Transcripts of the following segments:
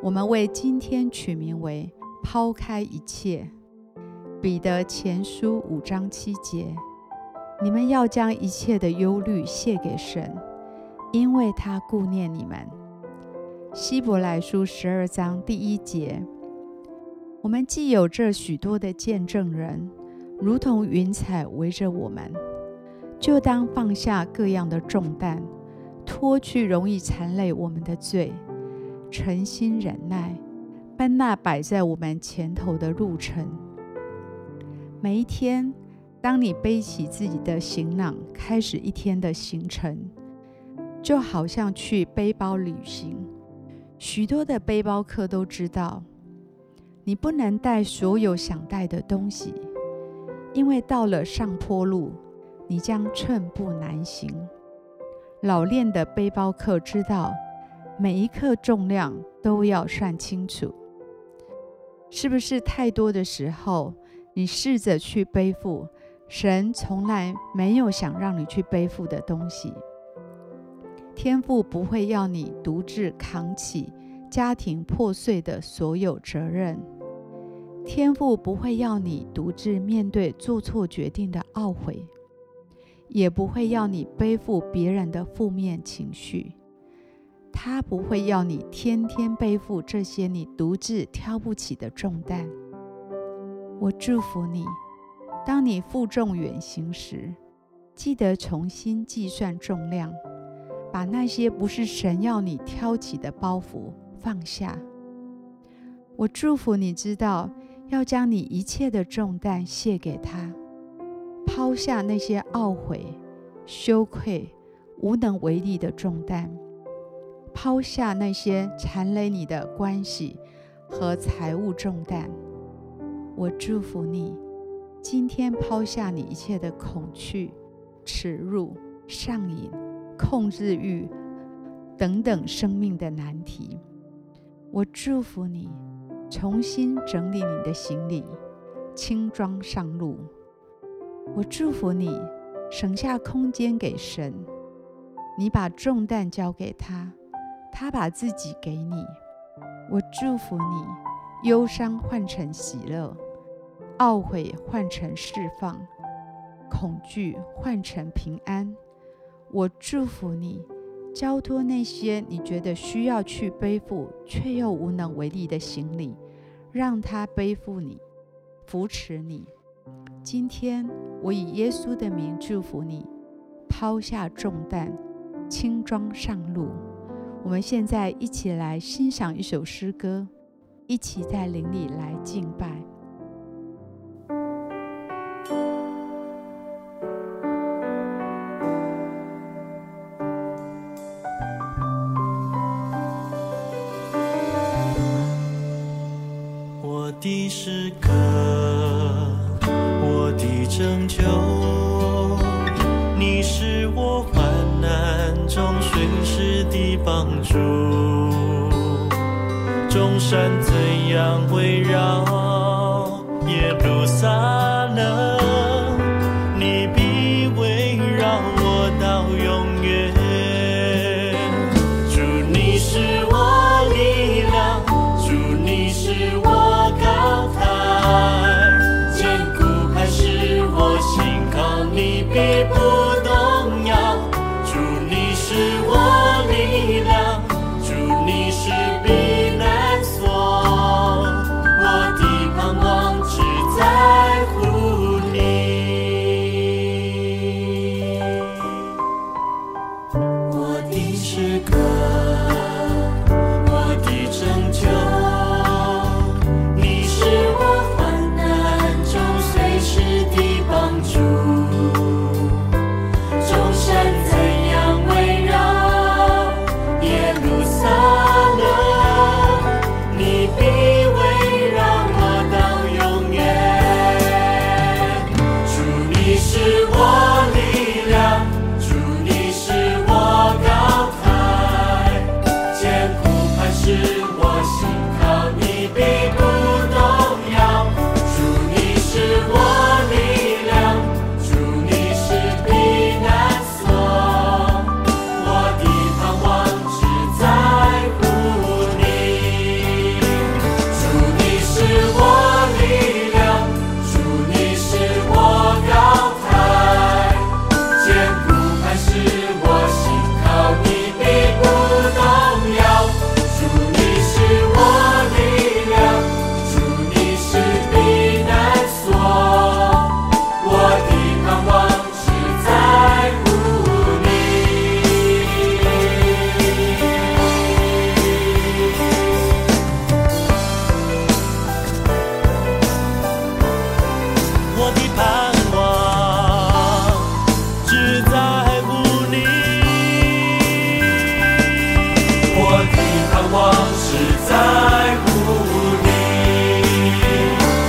我們為今天取名為“拋開一切”。彼得前書五章七節：“你們要將一切的憂慮卸給神，因為他顧念你們。”希伯來書十二章第一節：“我們既有這許多的見證人，如同雲彩圍着我們，就當放下各樣的重擔，脫去容易纏累我們的罪。”存心忍耐，奔那擺在我們前頭的路程。每一天，當你背起自己的行囊，開始一天的行程，就好像去背包旅行。許多的背包客都知道，你不能帶所有想帶的東西，因為到了上坡路，你將寸步難行。老練的背包客知道。每一克重量，都要算清楚。是不是太多的時候，你試着去背負神從來沒有想讓你去背負的東西？天父不會要你獨自扛起家庭破碎的所有責任，天父不會要你獨自面對做錯決定的懊悔，也不會要你背負別人的負面情緒。他不會要你天天背負這些你獨自挑不起的重擔。我祝福你，當你負重遠行時，記得重新計算重量，把那些不是神要你挑起的包袱放下。我祝福你知道，要將你一切的重擔卸給他，拋下那些懊悔、羞愧、無能為力的重擔。拋下那些纏累你的關係和財務重擔，我祝福你。今天拋下你一切的恐懼、恥辱、上癮、控制欲等等生命的難題。我祝福你，重新整理你的行李，輕裝上路。我祝福你，省下空間給神，你把重擔交給他。他把自己給你，我祝福你，憂傷換成喜樂，懊悔換成釋放，恐懼換成平安。我祝福你，交托那些你覺得需要去背負卻又無能為力的行李，讓他背負你，扶持你。今天我以耶穌的名祝福你，拋下重擔，輕裝上路。我們現在一起來欣賞一首詩歌，一起在靈裡來敬拜。我的詩歌，我的拯救，你是我。中隨時的幫助，眾山怎樣圍繞耶路撒冷。我的盼望是在乎你。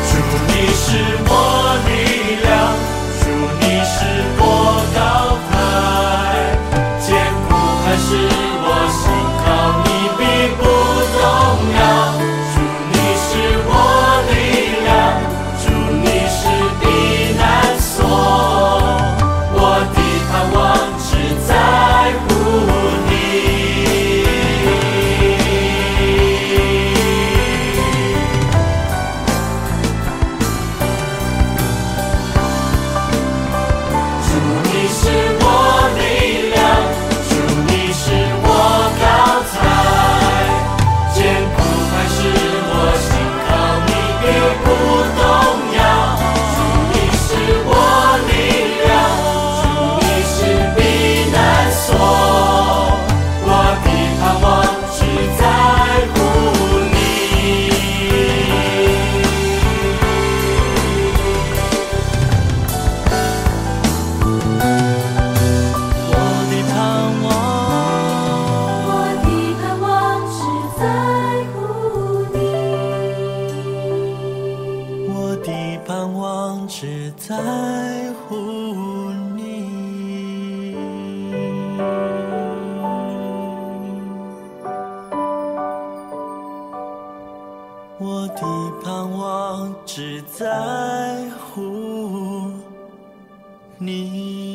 主祢是我力量，主祢是我高台，堅固還是我心。的盼望，只在乎你。